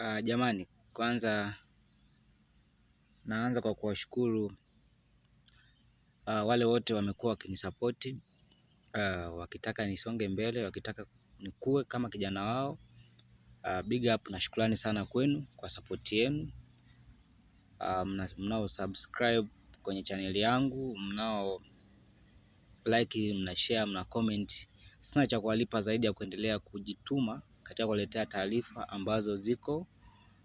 Uh, jamani, kwanza naanza kwa kuwashukuru uh, wale wote wamekuwa wakinisapoti uh, wakitaka nisonge mbele, wakitaka nikue kama kijana wao uh, big up na shukrani sana kwenu kwa sapoti yenu uh, mnao subscribe kwenye chaneli yangu, mnao like, mna share, mna comment. Sina cha kuwalipa zaidi ya kuendelea kujituma katika kuletea taarifa ambazo ziko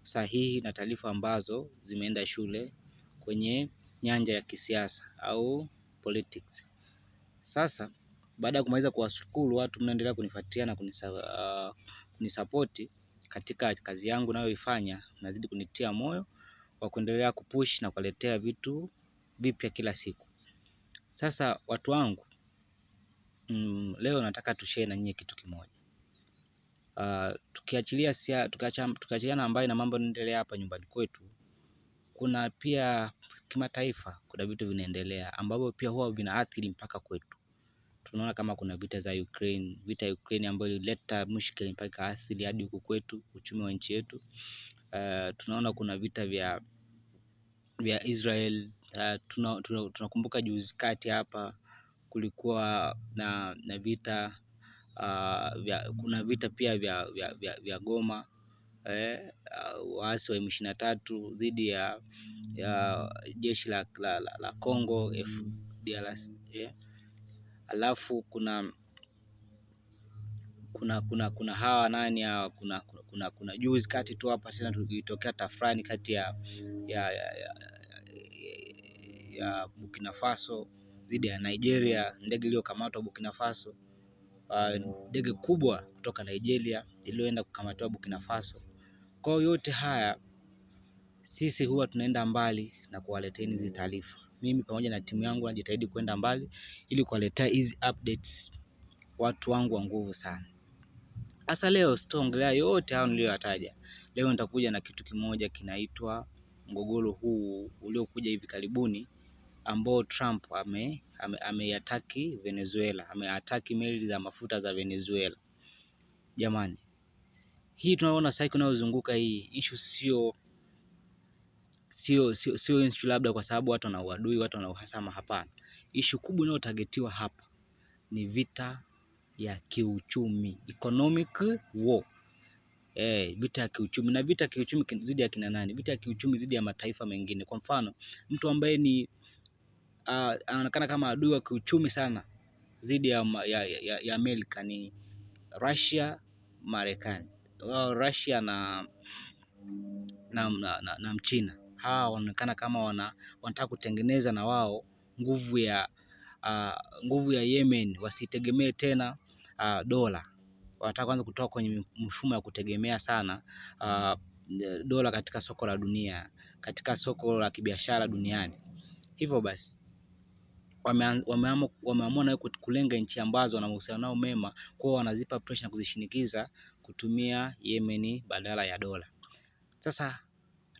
sahihi na taarifa ambazo zimeenda shule kwenye nyanja ya kisiasa au politics. Sasa baada ya kumaliza kuwashukuru watu mnaendelea kunifuatilia na kunisa, uh, kunisapoti katika kazi yangu nayoifanya, nazidi kunitia moyo wa kuendelea kupush na kuwaletea vitu vipya kila siku. Sasa watu wangu, mm, leo nataka tushare na nyinyi kitu kimoja uh, tukiachilia sia, tukiacha, tukiachiliana ambayo na mambo yanaendelea hapa nyumbani kwetu, kuna pia kimataifa, kuna vitu vinaendelea ambavyo pia huwa vinaathiri mpaka kwetu. Tunaona kama kuna vita za Ukraine, vita ya Ukraine ambayo ilileta mushkeli mpaka athiri hadi huku kwetu, uchumi wa nchi yetu. Uh, tunaona kuna vita vya vya Israel uh, tunakumbuka tuna, tuna juzi kati hapa kulikuwa na, na vita Uh, vya, kuna vita pia vya, vya, vya, vya Goma eh, uh, waasi wa M23 dhidi ya, ya jeshi la, la, la, la Kongo FDLS eh. Alafu kuna kuna kuna kuna hawa nani hawa, kuna kuna, kuna, kuna juzi kati tu hapa tena tulitokea tafrani kati ya ya, ya, ya, ya Burkina Faso dhidi ya Nigeria, ndege iliyokamatwa Burkina Faso. Uh, ndege uh, kubwa kutoka Nigeria iliyoenda kukamatiwa Burkina Faso. Kwa yote haya sisi huwa tunaenda mbali na kuwaleteni hizi taarifa. Mimi pamoja na timu yangu najitahidi kwenda mbali ili kuwaletea hizi updates watu wangu wa nguvu sana. Hasa leo sitaongelea yote hayo niliyoyataja. Leo nitakuja na kitu kimoja kinaitwa mgogoro huu uliokuja hivi karibuni ambao Trump ameyataki ame Venezuela, ameataki meli za mafuta za Venezuela. Jamani, hii tunaona cycle inayozunguka hii issue sio sio sio sio issue labda kwa sababu watu wana uadui, watu wana uhasama. Hapana, issue kubwa inayotagetiwa hapa ni vita ya kiuchumi, economic war. Eh, vita ya kiuchumi na vita ya kiuchumi zidi ya kina nani? Vita ya kiuchumi zidi ya mataifa mengine. Kwa mfano, mtu ambaye ni Uh, anaonekana kama adui wa kiuchumi sana dhidi ya, ya, ya, ya Amerika ni Russia Marekani, Russia na na, na, na, na Mchina. Hawa wanaonekana kama wana, wanataka kutengeneza na wao nguvu ya uh, nguvu ya Yemen wasitegemee tena uh, dola. Wanataka kwanza kutoka kwenye mfumo ya kutegemea sana uh, dola katika soko la dunia, katika soko la kibiashara duniani. Hivyo basi wameamua na nayo kulenga nchi ambazo wana mahusiano nao mema, kwao wanazipa pressure na kuzishinikiza kutumia Yemen badala ya dola. Sasa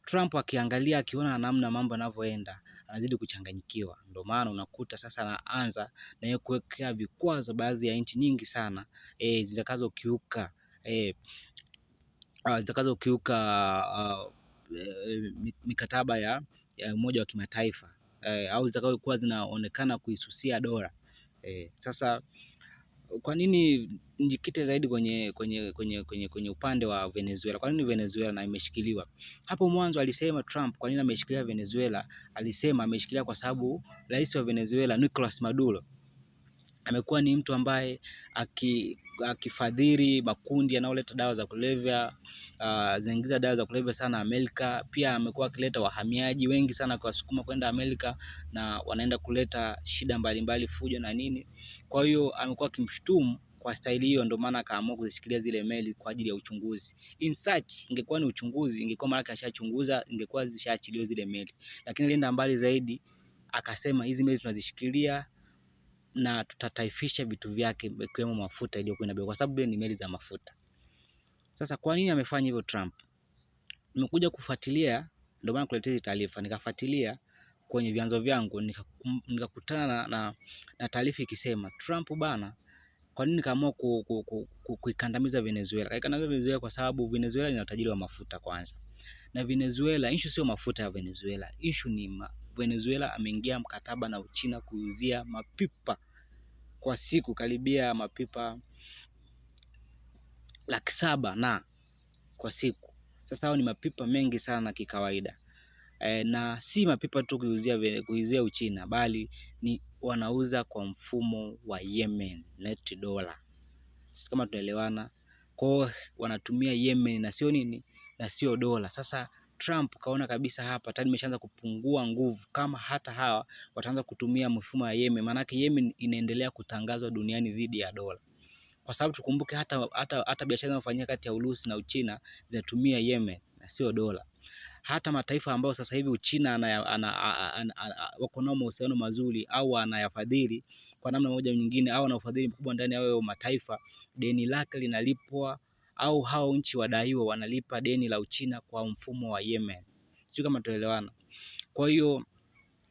Trump akiangalia, akiona namna mambo yanavyoenda anazidi kuchanganyikiwa. Ndio maana unakuta sasa anaanza na yeye kuwekea vikwazo baadhi ya nchi nyingi sana e, zitakazokiuka e, zitakazokiuka uh, mikataba ya, ya umoja wa kimataifa eh, au zitakazokuwa zinaonekana kuisusia dola eh. Sasa kwa nini njikite zaidi kwenye kwenye kwenye kwenye kwenye upande wa Venezuela? Kwa nini Venezuela na imeshikiliwa? Hapo mwanzo alisema Trump, kwa nini ameshikilia Venezuela? Alisema ameshikilia kwa sababu rais wa Venezuela Nicolas Maduro amekuwa ni mtu ambaye aki akifadhili makundi yanayoleta dawa za kulevya uh, zinaingiza dawa za kulevya sana Amerika. Pia amekuwa akileta wahamiaji wengi sana kuwasukuma kwenda Amerika, na wanaenda kuleta shida mbalimbali, fujo na nini. Kwa hiyo amekuwa akimshutumu kwa staili hiyo, ndio maana akaamua kuzishikilia zile meli kwa ajili ya uchunguzi. In search ingekuwa ni uchunguzi, ingekuwa Marekani ashachunguza, ingekuwa zishaachiliwa zile meli, lakini alienda mbali zaidi akasema hizi meli tunazishikilia na tutataifisha vitu vyake ikiwemo mafuta iliyokuwa inabebwa, kwa sababu ni meli za mafuta. Sasa kwa nini amefanya hivyo Trump? Nimekuja kufuatilia, ndio maana kuletea hizi taarifa, nikafuatilia kwenye vyanzo vyangu nikakutana na, na taarifa ikisema Trump bana, kwa nini kaamua ku, ku, ku, ku, kuikandamiza Venezuela? Kaikandamiza Venezuela kwa sababu Venezuela ina utajiri wa mafuta kwanza, na Venezuela issue sio mafuta ya Venezuela, issue ni ma, Venezuela ameingia mkataba na Uchina kuuzia mapipa kwa siku karibia mapipa laki saba na kwa siku. Sasa hao ni mapipa mengi sana kikawaida e, na si mapipa tu kuuzia kuuzia Uchina, bali ni wanauza kwa mfumo wa Yemen net dollar, kama tunaelewana kwao, wanatumia Yemen na sio nini na sio dola. Sasa Trump kaona kabisa hapa tayari imeshaanza kupungua nguvu, kama hata hawa wataanza kutumia mfumo wa Yemen, maanake Yemen inaendelea kutangazwa duniani dhidi ya dola, kwa sababu tukumbuke hata, hata, hata biashara inayofanyika kati ya Urusi na Uchina zinatumia Yemen na sio dola. Hata mataifa ambayo sasa hivi Uchina ana, ana, wako nao mahusiano mazuri au anayafadhili kwa namna moja nyingine, au ana ufadhili mkubwa ndani ya hayo mataifa, deni lake linalipwa au hao nchi wadaiwa wanalipa deni la Uchina kwa mfumo wa Yemen. Sio kama tuelewana. Kwa hiyo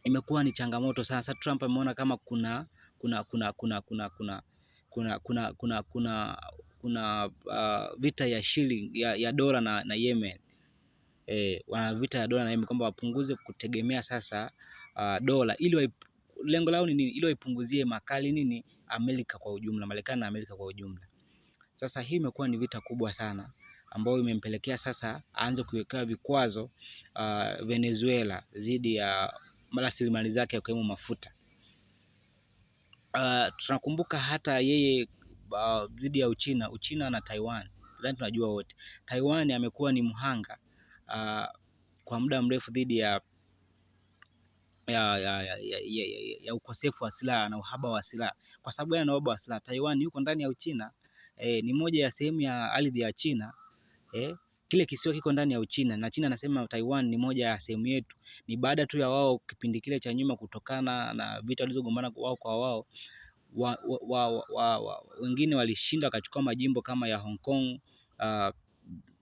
imekuwa ni changamoto sana. Sasa Trump ameona kama kuna kuna kuna kuna kuna kuna kuna kuna kuna kuna kuna uh, vita ya shilling ya, ya dola na, na Yemen eh, wana vita ya dola na Yemen kwamba wapunguze kutegemea sasa uh, dola ili lengo lao ni nini? Ili waipunguzie makali nini Amerika kwa ujumla, Marekani na Amerika kwa ujumla. Sasa hii imekuwa ni vita kubwa sana ambayo imempelekea sasa aanze kuwekewa vikwazo uh, Venezuela dhidi ya rasilimali zake yakiwemo mafuta. Uh, tunakumbuka hata yeye dhidi ah, uh, ya Uchina, Uchina na Taiwan nadhani tunajua wote, Taiwan amekuwa ni mhanga uh, kwa muda mrefu dhidi ya ya, ya, ya, ya, ya, ya ukosefu wa silaha na uhaba wa silaha. Kwa sababu ana uhaba wa silaha, Taiwan yuko ndani ya Uchina e, ni moja ya sehemu ya ardhi ya China e, kile kisiwa kiko ndani ya Uchina na China anasema Taiwan ni moja ya sehemu yetu. Ni baada tu ya wao kipindi kile cha nyuma, kutokana na vita walizogombana wao kwa wao wa, wa, wa, wa, wa, wengine walishinda wakachukua majimbo kama ya Hong Kong uh,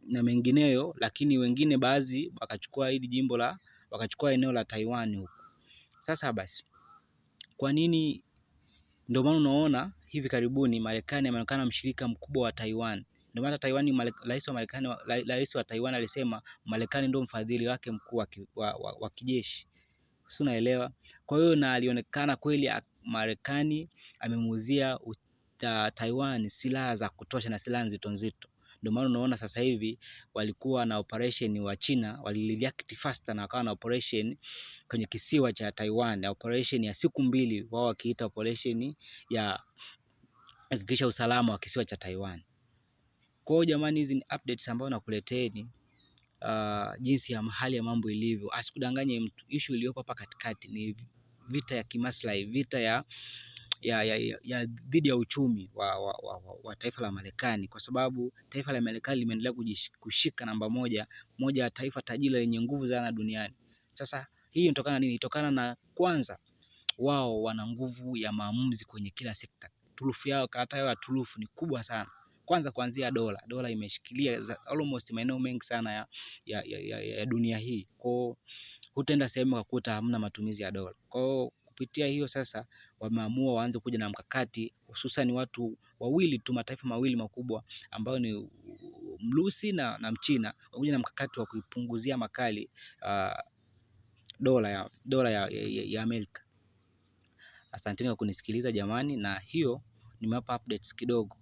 na mengineyo, lakini wengine baadhi wakachukua hili jimbo la wakachukua eneo la Taiwan huko. Sasa basi, kwa nini? Ndio maana unaona hivi karibuni Marekani ameonekana mshirika mkubwa wa Taiwan. Ndio maana Taiwan, rais wa Marekani, rais wa Taiwan alisema Marekani ndio mfadhili wake mkuu wa, wa, wa, wa kijeshi, si unaelewa? Kwa hiyo na alionekana kweli Marekani amemuuzia Taiwan silaha za kutosha na silaha nzito nzito. Ndio maana unaona sasa hivi walikuwa na operation wa China walireact faster na wakawa na operation kwenye kisiwa cha Taiwan, operation ya siku mbili, wao wakiita operation ya hakikisha usalama wa kisiwa cha Taiwan. Kwa hiyo jamani, hizi ni updates ambazo nakuleteni uh, jinsi ya hali ya mambo ilivyo. Asikudanganye mtu, issue iliyopo hapa katikati ni vita ya kimaslahi, vita ya ya, ya, ya, ya dhidi ya uchumi wa, wa, wa, wa, wa taifa la Marekani, kwa sababu taifa la Marekani limeendelea kushika namba moja moja ya taifa tajiri lenye nguvu sana duniani. Sasa hii inatokana nini? Inatokana na kwanza, wao wana nguvu ya maamuzi kwenye kila sekta turufu yao karata ya turufu ni kubwa sana. Kwanza kuanzia dola, dola imeshikilia almost maeneo mengi sana ya, ya, ya, ya dunia hii. Kwao hutaenda sehemu kakuta hamna matumizi ya dola. Kwao kupitia hiyo sasa wameamua waanze kuja na mkakati hususan watu wawili tu, mataifa mawili makubwa ambayo ni Mrusi na, na Mchina wakuja na mkakati wa kuipunguzia makali uh, dola ya, dola ya, ya, ya Amerika. Asanteni kwa kunisikiliza jamani, na hiyo nimewapa updates kidogo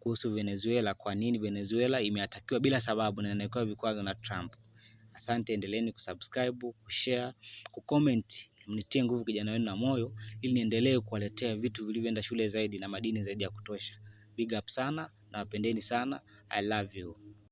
kuhusu Venezuela, kwa nini Venezuela imeatakiwa bila sababu na inawekewa vikwazo na Trump. Asante, endeleeni kusubscribe, kushare, kucomment, mnitie nguvu kijana wenu na moyo, ili niendelee kuwaletea vitu vilivyoenda shule zaidi na madini zaidi ya kutosha. Big up sana, nawapendeni sana. I love you.